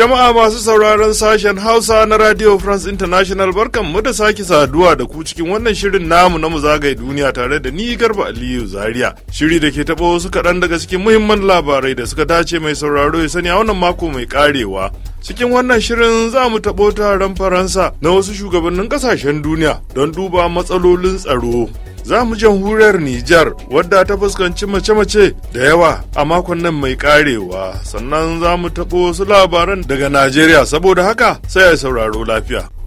Jama'a masu sauraron sashen Hausa na Radio France International barkan mu da sake saduwa da ku cikin wannan shirin namu na zagaye duniya tare da ni Garba Aliyu Zaria. Shiri da ke taɓa wasu kaɗan daga cikin muhimman labarai da suka dace mai sauraro ya sani a wannan mako mai ƙarewa. cikin wannan shirin za mu taɓo taron faransa na wasu shugabannin ƙasashen duniya don duba matsalolin tsaro za mu jamhuriyar Nijar wadda ta fuskanci mace-mace da yawa a makon nan mai karewa sannan za mu taɓo wasu labaran daga Najeriya saboda haka sai a sauraro lafiya.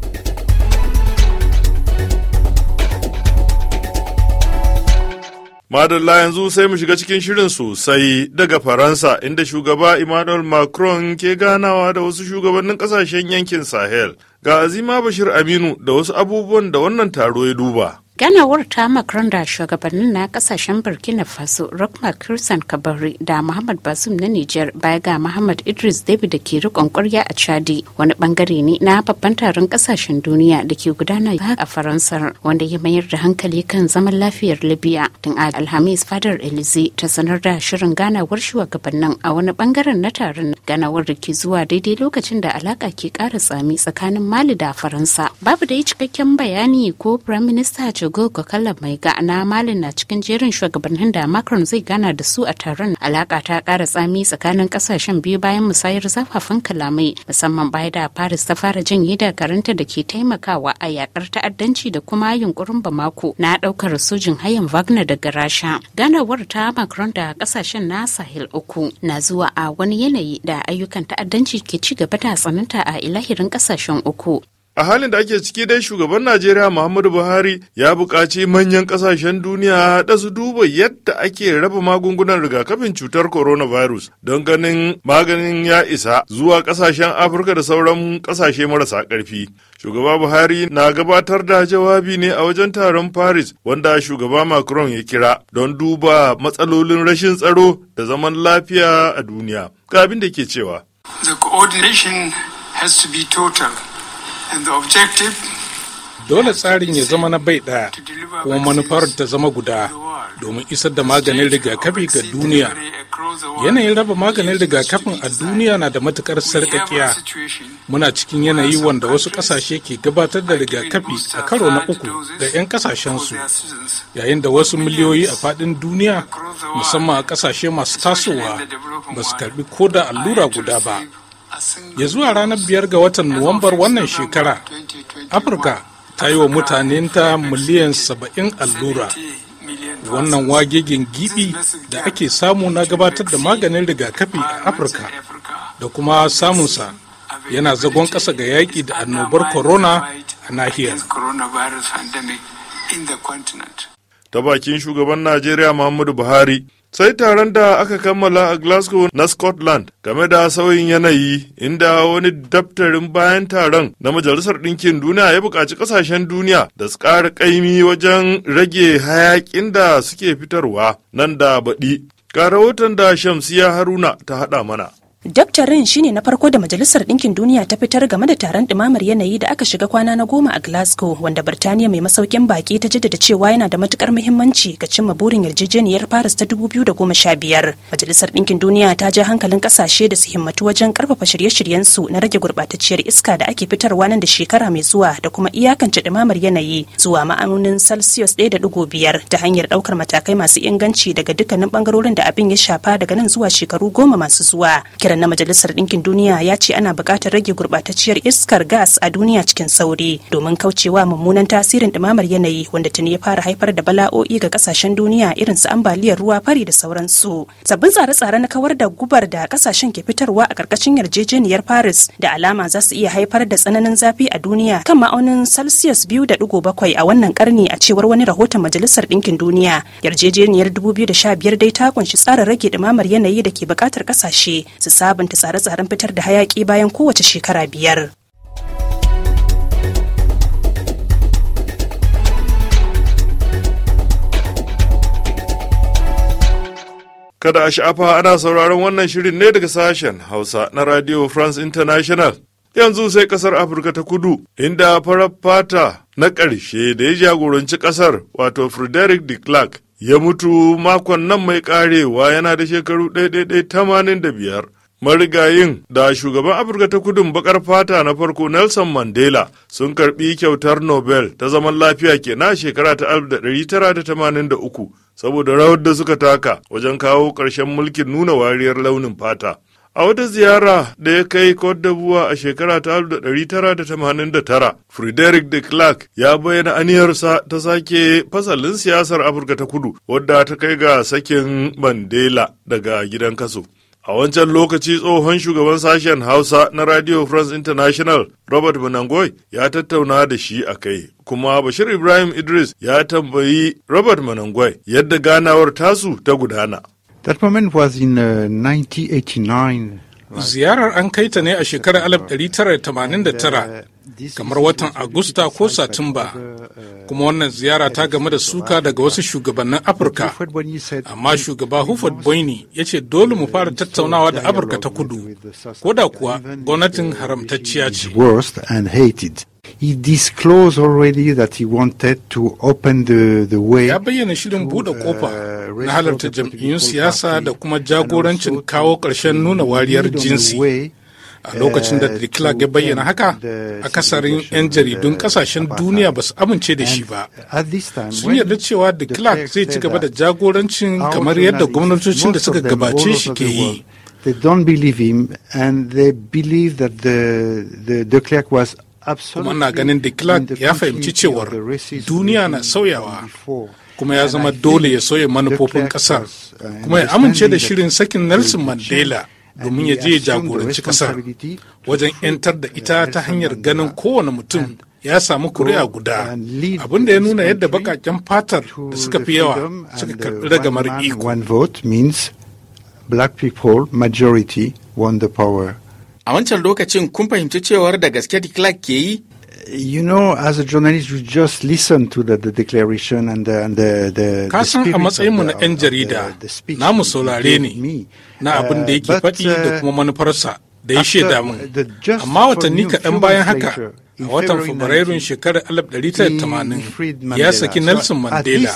Madalla yanzu sai mu shiga cikin shirin sosai daga Faransa inda shugaba Emmanuel Macron ke ganawa da wasu shugabannin kasashen yankin Sahel. Ga Azima Bashir Aminu da wasu abubuwan da wannan taro ya duba. ganawar ta makaron da shugabannin na kasashen burkina faso rockma kirsan kabari da muhammad basum na niger baya ga muhammad idris david da ke rikon kwarya a chadi wani bangare ne na babban taron kasashen duniya da ke gudana a faransa wanda ya mayar da hankali kan zaman lafiyar libya tun a alhamis fadar elize ta sanar da shirin ganawar shugabannin a wani bangaren na taron ganawar da ke zuwa daidai lokacin da alaka ke kara tsami tsakanin mali da faransa babu da cikakken bayani ko prime minister gogo kallon mai ga na malin na cikin jerin shugabannin da macron zai gana da su a taron alaka ta ƙara tsami tsakanin ƙasashen biyu bayan musayar zafafin kalamai musamman baya da paris ta fara jin yi karanta da ke taimakawa a yakar ta'addanci da kuma yunkurin bamako na daukar sojin hayan wagner daga rasha ganawar ta macron da ƙasashen na sahel uku na zuwa a wani yanayi da ayyukan ta'addanci ke ci gaba da tsananta a ilahirin ƙasashen uku A halin da ake ciki dai shugaban Najeriya Muhammadu Buhari ya buƙaci manyan ƙasashen duniya da su duba yadda ake raba magungunan rigakafin cutar coronavirus don ganin maganin ya isa zuwa ƙasashen Afirka da sauran ƙasashe marasa ƙarfi. Shugaba Buhari na gabatar da jawabi ne a wajen taron Paris wanda shugaba Macron ya kira don duba matsalolin rashin tsaro da zaman lafiya a duniya. Ga abin da ke cewa. The coordination has to be total. Dole tsarin ya zama na bai ɗaya kuma manufar ta zama guda domin isar da maganin rigakafi ga duniya. Yanayin raba maganin rigakafin a duniya na da matukar sarƙaƙiya. Muna cikin yanayi wanda wasu ƙasashe ke gabatar da rigakafi a karo na uku ga 'yan ƙasashensu, yayin da wasu miliyoyi a faɗin duniya, musamman a ƙasashe masu tasowa, ba su karɓi ko da allura guda ba. ya zuwa ranar biyar ga watan nuwambar wannan shekara afirka ta yi wa mutanenta miliyan saba'in allura wannan wagegen gibi da ake samu na gabatar da maganin rigakafi a afirka da kuma samunsa yana zagon ƙasa ga yaƙi da annobar corona a nahiyar ta bakin shugaban najeriya muhammadu buhari sai taron da aka kammala a glasgow na scotland game da sauyin yanayi inda wani daftarin bayan taron na majalisar ɗinkin duniya ya buƙaci ƙasashen duniya da su ƙara ƙaimi wajen rage hayaƙin da suke fitarwa nan da baɗi ga rahoton da shamsiya haruna ta haɗa mana dr. Rin shine na farko da Majalisar dinkin Duniya ta fitar game da taron ɗumamar yanayi da aka shiga kwana na goma a Glasgow, wanda Birtaniya mai masaukin baki ta jaddada cewa yana da matukar muhimmanci ga cimma burin yarjejeniyar Paris ta 2015. Majalisar dinkin Duniya ta ja hankalin ƙasashe da su himmatu wajen ƙarfafa shirye-shiryensu na rage gurɓatacciyar iska da ake fitarwa nan da shekara mai zuwa da kuma iyakance ɗumamar yanayi zuwa ma'aunin Celsius 1.5 ta hanyar ɗaukar matakai masu inganci daga dukkanin bangarorin da abin ya shafa daga nan zuwa shekaru goma masu zuwa. rahoton na Majalisar Ɗinkin Duniya ya ce ana buƙatar rage gurɓatacciyar iskar gas a duniya cikin sauri domin kaucewa mummunan tasirin ɗumamar yanayi wanda tuni ya fara haifar da bala'o'i ga ƙasashen duniya irin su ambaliyar ruwa fari da sauransu. Sabbin tsare-tsare na kawar da gubar da ƙasashen ke fitarwa a ƙarƙashin yarjejeniyar Paris da alama za su iya haifar da tsananin zafi a duniya kan ma'aunin Celsius biyu da ɗigo bakwai a wannan ƙarni a cewar wani rahoton Majalisar Ɗinkin Duniya. Yarjejeniyar biyu da biyar dai ta kunshi tsarin rage ɗumamar yanayi da ke buƙatar ƙasashe su sabunta tsare-tsaren fitar da hayaki bayan kowace shekara biyar. Kada a sha'afa ana sauraron wannan shirin ne daga sashen Hausa na Radio France International. Yanzu sai kasar Afirka ta kudu, inda farar fata na ƙarshe da ya jagoranci kasar wato Frederick de Klerk ya mutu makon nan mai karewa yana da shekaru biyar. marigayin da shugaban afirka ta kudun bakar fata na farko nelson mandela sun karbi kyautar nobel ta zaman lafiya ke a shekara ta 1983 saboda rawar da suka taka wajen kawo ƙarshen mulkin nuna wariyar launin fata a wata ziyara da ya kai buwa a shekara ta 1989 frederick de clark ya bayyana aniyarsa ta sake fasalin siyasar afirka ta kudu wadda ta kai ga sakin mandela daga gidan kaso A wancan lokaci tsohon shugaban sashen Hausa na Radio France International Robert manangoy ya tattauna da shi a kai, kuma Bashir Ibrahim Idris ya tambayi Robert Manangoi yadda ganawar tasu ta gudana. That moment was in uh, 1989. Ziyarar an kai ta ne a shekarar 1989 kamar watan agusta ko satumba kuma wannan ziyara ta game da suka daga wasu shugabannin afirka amma shugaba hufat boini ya ce dole mu fara tattaunawa da afirka ta kudu ko da kuwa gwamnatin haramtacciya ce that to open ya bayyana shirin buɗe kofa uh, na halarta jam'iyyun siyasa da kuma jagorancin kawo ƙarshen nuna wariyar jinsi a lokacin da de eh, ya bayyana haka kasarin 'yan jaridun kasashen duniya ba su amince da shi ba sun yarda cewa de zai ci gaba da jagorancin kamar yadda gwamnatocin da suka gabace shi ke yi They don't believe him was kuma na ganin de Klerk ya fahimci cewar duniya na sauyawa kuma ya zama dole ya sauya manufofin kasar uh, kuma ya amince da shirin sakin Nelson Mandela domin ya je ya jagoranci kasar wajen 'yantar da ita ta hanyar ganin kowane mutum ya samu kuri'a guda abinda ya nuna yadda bakaken fatar da suka fi yawa suka karɓi ragamar iko. A wancan lokacin kun fahimci cewar da gaske Clark ke yi you know, as a journalist, you just listen to the, the declaration and the, and the, the, Ka san a matsayinmu na 'yan jarida, namu saurare ne na abin da yake uh, faɗi da kuma uh, manufarsa da ya shaida mun. Amma watanni kaɗan bayan haka, a watan Fabrairun shekarar 1980 ya saki Nelson Mandela.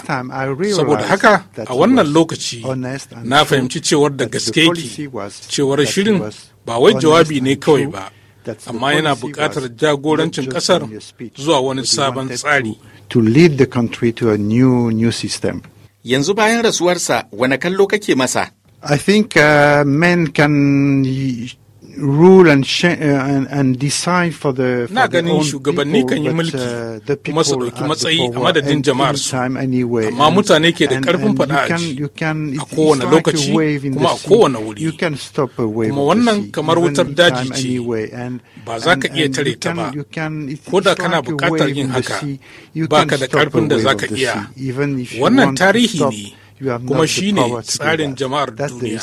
Saboda haka a wannan lokaci na fahimci cewar da gaske yake, cewar shirin ba wai jawabi ne kawai ba. amma yana buƙatar jagorancin ƙasar zuwa wani sabon tsari. To lead the to a new, new system. Yanzu bayan rasuwarsa, wane kallo kake masa? I think uh, men can rule and, uh, and, and decide for the for na ganin shugabanni kan yi mulki uh, masa su ɗauki matsayi a madadin jama'ar su amma mutane ke da karfin faɗa a kowane lokaci kuma a kowane wuri kuma wannan kamar wutar daji ce ba za ka iya tare ta ba ko da kana buƙatar yin haka ba ka da karfin da za ka iya wannan tarihi ne kuma shi ne tsarin jama'ar duniya.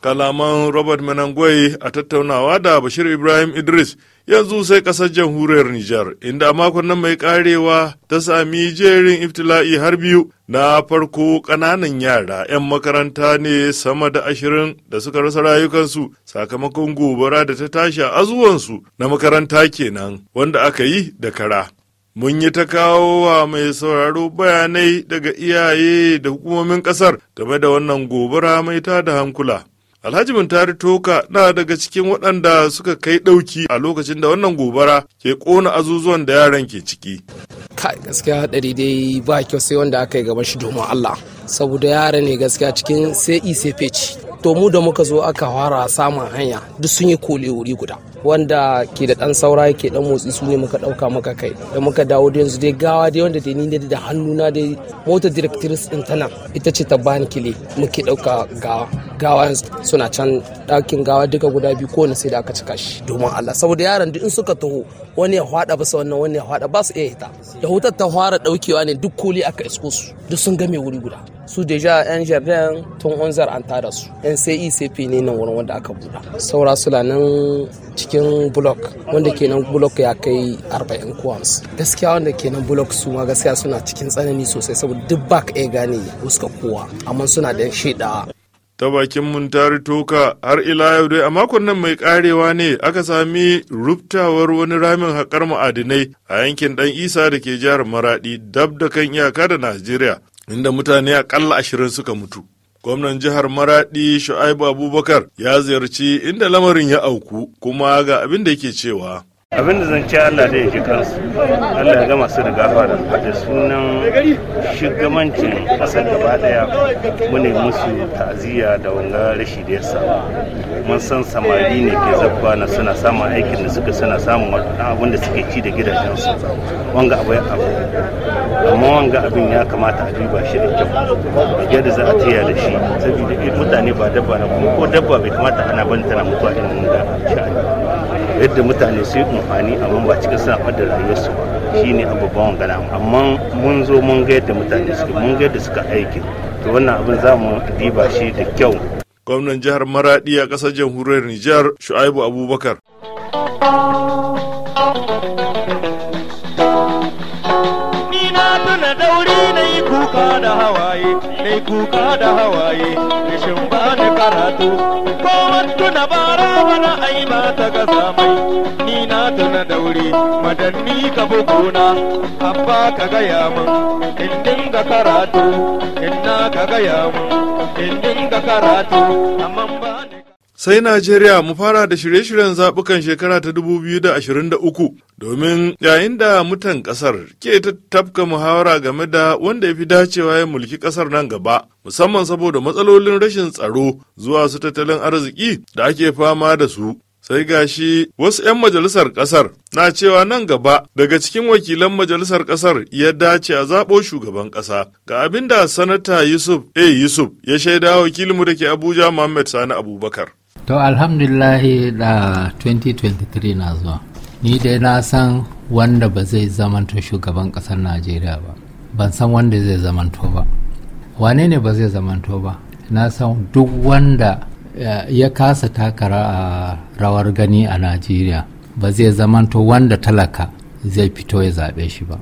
Kalaman Robert Menangwai a tattaunawa da Bashir Ibrahim Idris yanzu sai kasar jamhuriyar Nijar, inda a makon nan mai karewa ta sami jerin iftila'i har biyu na farko ƙananan yara 'yan makaranta ne sama da ashirin da suka rasa rayukansu sakamakon gobara da ta tashi a azuwansu na makaranta kenan wanda aka yi da kara. mun yi ta kawo wa mai sauraro bayanai daga iyaye da hukumomin ƙasar game da wannan gobara mai ta da hankula alhaji muntari toka na daga cikin waɗanda suka kai ɗauki a lokacin da wannan gobara ke ƙona azuzuwan da yaran ke ciki kai gaskiya haɗari dai ba kyau sai wanda aka yi gaban shi domin allah saboda yara ne gaskiya cikin sai sai to mu da muka zo aka fara samun hanya duk sun yi kole wuri guda wanda ke da dan saura ke dan motsi su ne muka dauka maka kai da muka dawo da yanzu dai gawa dai wanda dai ni da hannuna dai motar directrice din tana ita ce ta bani kile muke dauka gawa gawa suna can ɗakin gawa duka guda biyu kowane sai da aka cika shi domin Allah saboda yaran duk in suka taho wani ya hwada bisa wannan wani ya hwada ba su iya hita da hutar ta fara daukewa ne duk koli aka isko su duk sun game wuri guda su deja yan jardin tun unzar an tara su yan CECP ne nan wurin wanda aka buɗa saura su nan cikin blok wanda kenan blok ya kai 40 ko 50 gaskiya wanda kenan blok su ma gaskiya suna cikin tsanani sosai saboda duk ba ka iya gane wuska kowa amma suna da shaidawa ta bakin muntari toka har ila yau dai a makon nan mai karewa ne aka sami ruptawar wani ramin haƙar ma'adinai a yankin ɗan isa da ke jihar maraɗi dab da kan iyaka da najeriya inda mutane akalla ashirin suka mutu gwamnan jihar maraɗi shu'aibu abubakar ya ziyarci inda lamarin ya auku kuma ga abin da yake cewa abin da zan ci Allah da ya ji kansu Allah ya gama su da gafara da sunan shugabancin ƙasar gaba daya mune musu ta'aziyya da wanga rashi da ya samu mun san samari ne ke zabba na suna samun aikin da suka suna samun waɗanda abin suke ci da gidajensu wanga abu ya abu amma wanga abin ya kamata a duba shi da kyau a yadda za a tiya da shi saboda mutane ba dabba na kuma ko dabba bai kamata ana bantana mutuwa irin ga sha'ani yadda mutane su yi amfani amma ba cikin suna da rayuwarsu ba shi shine abubuwan wangana amma mun zo mun ga yadda mutane suke mun ga yadda suka aiki to wannan abin za mu diba shi da kyau gwamnan jihar maradi a kasar jamhuriyar nijar shu'aibu abubakar ba da hawaye nai kuka da hawaye rashin ba ni karatu ko tuna bara bana ai ba ta gasa mai ni na tuna daure madanni ka na abba ka gaya min in dinga karatu in na ka gaya min in dinga karatu amma ba ni sai Najeriya mu fara da shirye-shiryen zaɓukan shekara ta 2023 domin yayin da mutan ƙasar ke ta tafka muhawara game da wanda ya fi dacewa ya mulki ƙasar nan gaba musamman saboda matsalolin rashin tsaro zuwa su tattalin arziki da ake fama da su sai gashi wasu 'yan majalisar ƙasar na cewa nan gaba daga cikin wakilan majalisar ƙasar ya dace a zaɓo shugaban ƙasa ga abin da sanata yusuf a yusuf ya shaida wakilinmu da ke abuja muhammad sani abubakar to alhamdulillahi da 2023 na zuwa ni dai na san wanda ba zai zamanto shugaban ƙasar najeriya ba ban san wanda zai zamanto ba wane ne ba zai zamanto ba na san duk wanda ya kasa taka rawar gani a najeriya ba zai zamanto wanda talaka zai fito ya zaɓe shi ba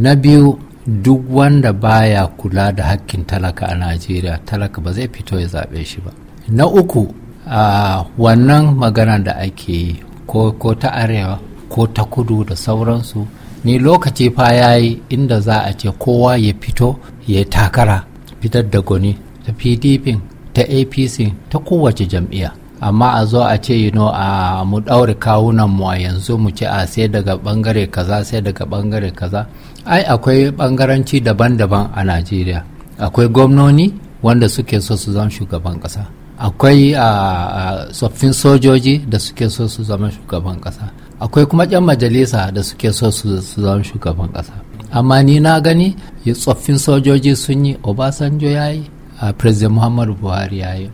na biyu duk wanda baya kula da hakkin talaka a najeriya talaka ba zai fito ya zaɓe shi ba na uku a ah, wannan magana da ake yi ko, ta arewa ko ta kudu da sauransu ni lokaci fa ya yi inda za a ce kowa ya fito ya takara fitar da gwani ta pdp ta apc ta kowace jam'iyya amma a zo a ce yino a mu ɗaure kawunan mu a yanzu mu ce a sai daga ɓangare kaza sai daga ɓangare kaza ai akwai ɓangaranci daban-daban a najeriya akwai gwamnoni wanda suke so su zama shugaban ƙasa akwai ah, ah, tsoffin sojoji da suke so su zama shugaban kasa akwai kuma 'yan majalisa da suke so su zama shugaban kasa amma ni na gani tsoffin sojoji sun yi obasanjo ya yi a ah, president muhammadu buhari ya yi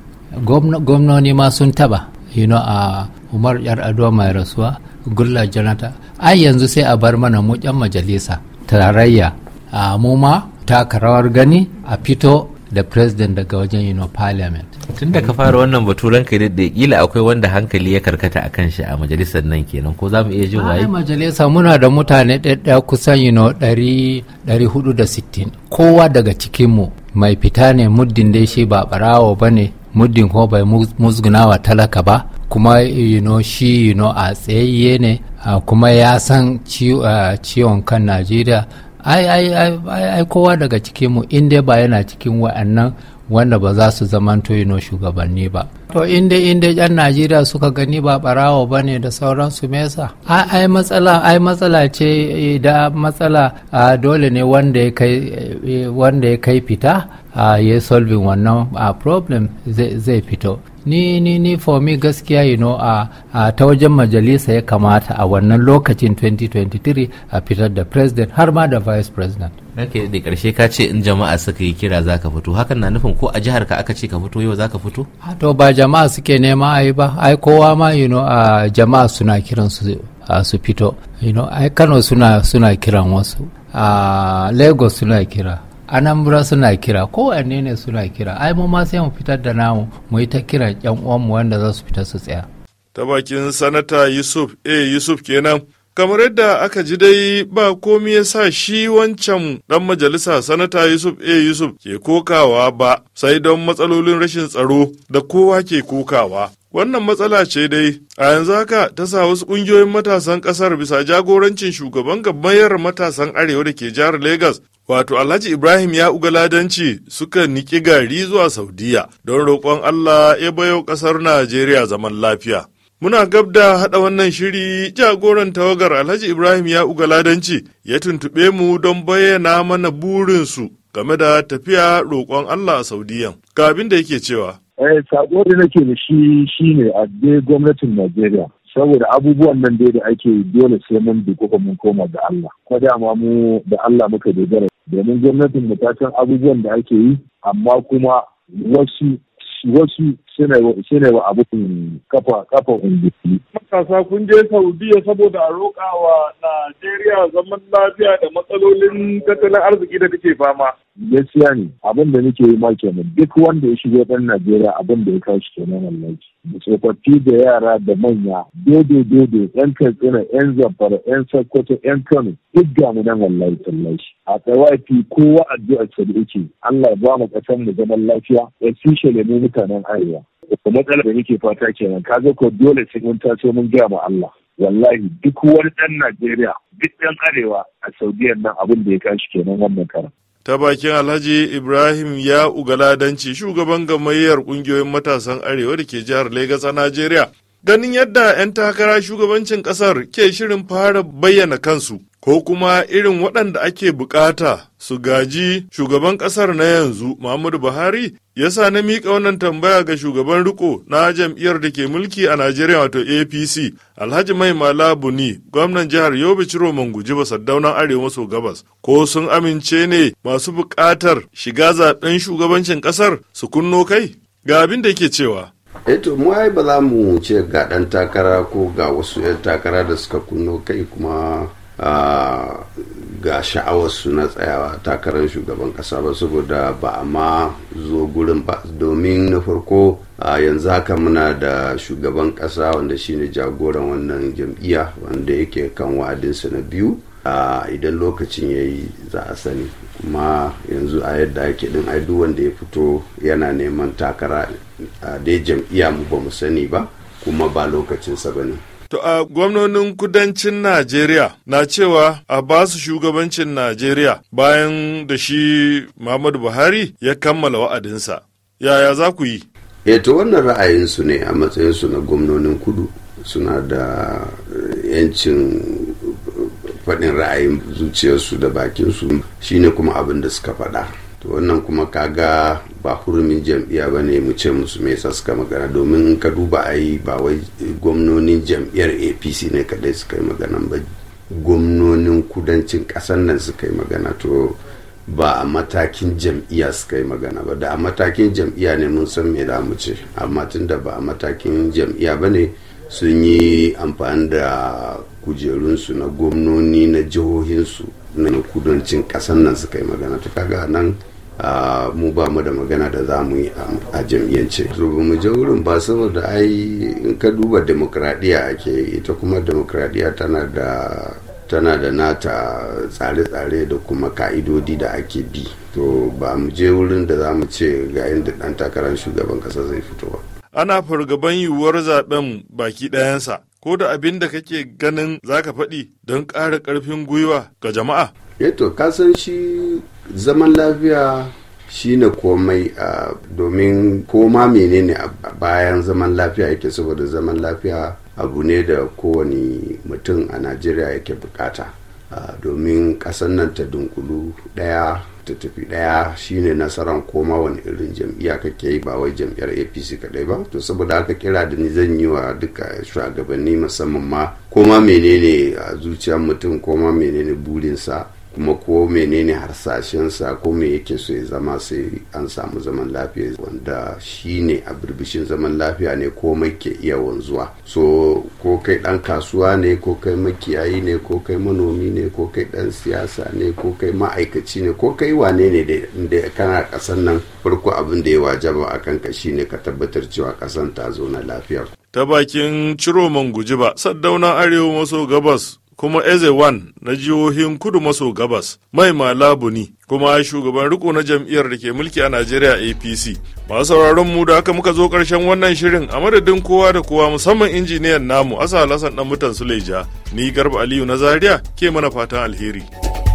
gwamnoni ma sun taba you know, a umar yar Ado mai rasuwa gulla Janata. ai yanzu sai a bar mana mu 'yan majalisa tarayya mu ma taka rawar gani a fito da president daga wajen you know, parliament tun da ka fara wannan ka yi da kila akwai wanda hankali ya karkata a kan shi a majalisar nan kenan ko za mu iya jin waye majalisa muna da mutane ɗaya kusan you da 460 kowa daga cikin mu mai fita ne muddin dai shi ba barawo ba ne muddin ko bai musgunawa talaka ba kuma you know, shi you know, a tsayayye ne uh, kuma ya san ciwon kan najeriya ai ai ai kowa daga cikin mu in dai ba yana cikin wa'annan wanda ba za su zama yino shugabanni ba to in dai in dai yan najeriya suka gani ba barawo ba ne da sauransu mesa ai matsala ai matsala ce eh, da matsala dole ne wanda ya kai eh, wanda ya kai fita ya solving wannan problem zai fito ni ni ni for me gaskiya you know a uh, ta wajen majalisa ya kamata a wannan lokacin 2023 a fitar da president har ma da vice president Okay, da karshe ka ce in jama'a suka yi kira ka fito hakan na nufin ko a jihar ka aka ce ka fito yau za ka fito to ba jama'a suke nema ai ba ai kowa ma you know a jama'a suna kiran su su fito you know ai Kano suna suna kiran wasu a Lagos suna kira anambura suna kira kowanne ne suna kira ai mu ma sai mu fitar da namu mu yi ta kiran yan uwanmu wanda za su fita su tsaya ta bakin sanata yusuf eh yusuf kenan kamar yadda aka ji dai ba komi ya sa shi wancan dan majalisa sanata yusuf a yusuf ke kokawa ba sai don matsalolin rashin tsaro da kowa ke kokawa wannan matsala ce dai a yanzu haka ta sa wasu kungiyoyin matasan kasar bisa jagorancin shugaban gabayar matasan arewa da ke jihar Legas wato alhaji ibrahim ya uga ladanci suka niki gari zuwa saudiya don roƙon allah ya bayo ƙasar najeriya zaman lafiya Muna gab da haɗa wannan shiri jagoran tawagar Alhaji Ibrahim ya uga ya tuntuɓe mu don bayyana mana burinsu game da tafiya roƙon Allah a Saudiyan. Ga abin da yake cewa. Eh, sako da nake da shi ne a gwamnatin Najeriya. saboda abubuwan nan dai da ake dole sai mun kuka mun koma ga Allah ko dama mu da Allah muka dogara domin gwamnatin mu ta san abubuwan da ake yi amma kuma wasu wasu shine wa abubuwan kafa kafa Matasa kun je Saudiya saboda a roƙa wa Najeriya zaman lafiya da matsalolin tattalin arziki da take fama. Gaskiya ne abin da nake yi maki duk wanda ya shigo ɗan Najeriya abin da ya kashi kenan wallahi. Da tsofaffi da yara da manya dodo dodo yan katsina yan zamfara yan sokoto yan kano duk ga mu nan wallahi tallahi. A tsawafi kowa addu'ar sa da yake Allah ya ba mu ƙasar mu zaman lafiya ya fi mu mutanen arewa. matsalar da muke fata kenan ka zo ko dole sai mun taso mun gaya ma Allah wallahi duk wani dan Najeriya duk dan arewa a Saudiya nan abin da ya kashi kenan wannan karan ta bakin Alhaji Ibrahim ya ugaladanci shugaban gamayyar kungiyoyin matasan arewa da ke jihar Legas a Najeriya ganin yadda 'yan takara shugabancin kasar ke shirin fara bayyana kansu ko kuma irin waɗanda ake bukata su gaji shugaban ƙasar na yanzu Muhammadu Buhari ya sa na miƙa wannan tambaya ga shugaban riko na jam'iyyar da ke mulki a Najeriya wato APC Alhaji Mai Malabuni gwamnan jihar Yobe Ciro Manguji ba Saddaunan Arewa maso gabas ko sun amince ne masu buƙatar shiga zaɓen shugabancin ƙasar su kunno kai ga abin da yake cewa eto eh mu ai ba za mu ce ga ɗan takara ko ga wasu 'yan takara da suka kunno kai kuma ga sha'awarsu na tsayawa takarar shugaban kasa ba saboda ba a ma zo gurin ba domin na farko a yanzu haka muna da shugaban kasa wanda shine jagoran wannan jam'iyya wanda yake kan wa'adinsa na biyu idan lokacin ya yi za a sani kuma yanzu a yadda ake din ai duk wanda ya fito yana neman takara a dai jam'iyya mu ba mu sani ba kuma ba lokacinsa ba ne To a gwamnonin kudancin Najeriya na cewa a ba su shugabancin Najeriya bayan da shi Muhammadu Buhari ya kammala wa'adinsa. Yaya za ku yi? Eto eh, wannan ra'ayinsu ne a matsayinsu na gwamnonin kudu suna da eh, 'yancin eh, faɗin ra'ayin zuciyarsu da bakinsu shine kuma abin da suka faɗa. to wannan kuma kaga ba hurumin jam'iyya ba ne mu ce musu mai sa suka magana domin ka duba a yi ba wai gwamnonin jam'iyyar apc ne kadai suka yi magana ba gwamnonin kudancin kasan nan suka yi magana to ba a matakin jam'iyya suka yi magana ba da a matakin jam'iyya ne mun san me da mu ce amma tunda ba a matakin jam'iyya ba ne sun yi amfani da kujerunsu na gwamnoni na jihohinsu na kudancin kasan nan suka yi magana ta kaga nan mu ba mu da magana da za mu yi a jam'iyyance. Ba mu je wurin ba saboda ai in ka duba demokradiyya ake ita kuma demokradiyya tana da tana da nata tsare-tsare da kuma ka'idodi da ake bi to ba mu je wurin da za mu ce ga inda dan takarar shugaban kasa zai fito ba ana fargaban yiwuwar zaben baki ɗayansa ko da abin da kake ganin zaka faɗi don ƙara ƙarfin gwiwa ga jama'a eto eh kasan shi zaman lafiya shine komai domin koma menene a bayan zaman lafiya yake saboda zaman lafiya abu ne da kowane mutum a najeriya yake bukata domin kasan nan ta dunkulu daya ta tafi daya shine nasarar koma wani irin jam'iyya kake yi ba wai jam'iyyar apc kadai ba to saboda aka kira da ni zan yi wa duka shugabanni musamman ma koma menene a zuciyar mutum koma menene burinsa kuma ko menene harsashensa ko me yake so ya zama sai an samu zaman lafiya wanda shi ne a birbishin zaman lafiya ne ko mai ke iya wanzuwa so ko kai dan kasuwa ne ko kai makiyayi ne ko kai manomi ne ko kai dan siyasa ne ko kai ma'aikaci ne ko kai wane ne da kana kasan nan farko abin da ya wajaba a ka shine ka tabbatar cewa kasan ta zo na lafiya ta bakin ciro man guji ba arewa maso gabas kuma Eze Ezewan na jihohin kudu maso gabas mai malabuni kuma shugaban riko na jam'iyyar da ke mulki a Najeriya APC. Masu sauraron mu da aka muka zo karshen wannan shirin a madadin kowa da kowa musamman injiniyan namu Asa ɗan dan mutan Suleja ni Garba Aliyu na Zaria ke mana fatan alheri.